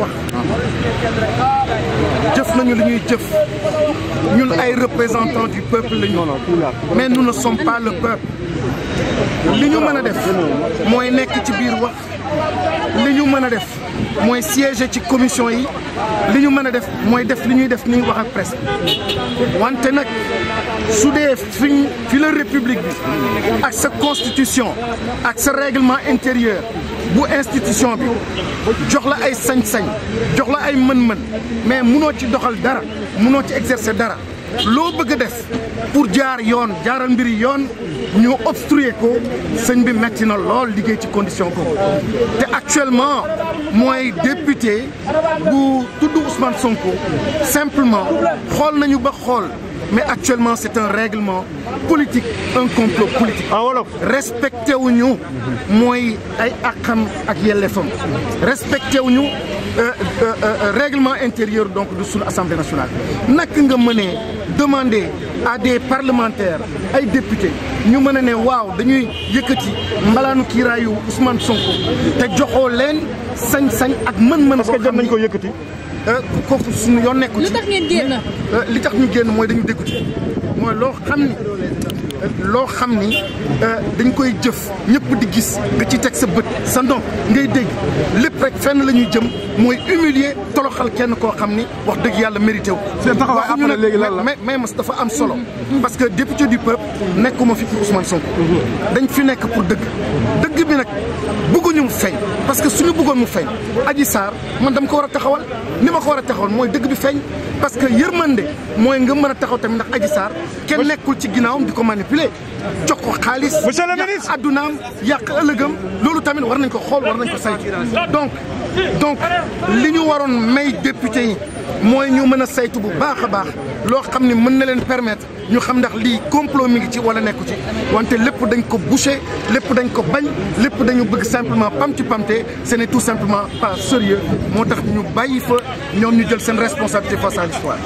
wax jëf nañu li ñuy jëf ñun ay représentants du peuple lañu mais nous ne sommes pas le peuple li ñu mën a def mooy nekk ci biir wax mën a mooy siéger ci commission yi li ñu mën a def mooy def li ñuy def ni wax ak presse wante nag su dee fiñ fi la république bi ak sa constitution ak sa règlement intérieur bu institution bi jox la ay sañ-sañ jox la ay mën-mën mais mënoo ci doxal dara mënoo ci exercer dara loo bëgg a def pour jaar yoon jaaral mbir yoon ñu obstruer ko sëñ bi metti na lool liggéey ci condition ko te actuellement mooy député bu tudd Ousmane Sonko simplement xool nañu ba xool. mais actuellement c'est un règlement politique un complot politique. ah wolof respecté wu ñu. mooy ay àqam ak yelleefam. respecté wu ñu euh, euh, euh, règlement intérieur donc de suñu assemblée nationale. naka nga mënee demander à des parlementaires ay députés ñu mën a ne waaw dañuy yëkkati mbalaanu kiiraayu Ousmane Sonko te joxoo leen sañ-sañ ak mën-mën. boo xam ne parce que jot nañ ko yëkkati. Euh, kooku suñu yoo nekku euh, li tax ñu génn mooy dañu déggu ci mooy loo xam ni loo xam ni euh, dañ koy jëf ñëpp di gis nga ci teg sa bët sa ndonk ngay dégg lépp rek fenn la ñuy jëm mooy humilier toloxal kenn koo xam ni wax dëgg yàlla mérité wu. seen taxawaay après léegi lan la mais mais mas dafa am solo. Mm-hmm. Mm-hmm. parce que député du peuple nekkuma fi pour Ousmane Sonko. Mm-hmm. dañ fi nekk pour dëgg. dëgg bi nag feeñ parce que suñu bëggoon mu feeñ Adji Sarr man dam ko war a taxawal ni ma ko war a taxawal mooy dëgg bi feeñ parce que yërmande mooy nga mën a taxaw tamit ndax aji Sarr kenn nekkul ci ginnaaw di ko manipuler jox ko xaalis yàq addunaam yàq ëllëgam loolu tamit war nañ ko xool war nañ ko saytu donc donc li ñu waroon may député yi mooy ñu mën a saytu bu baax a baax loo xam ne mën na leen permettre ñu xam ndax lii complot mi ngi ci wala nekku ci wante lépp dañ ko boucher lépp dañ ko bañ lépp dañu bëgg simplement pamti pamte ce n'est tout simplement pas sérieux moo tax ñu bàyyi fa ñoom ñu jël seen responsabilité face à l'histoire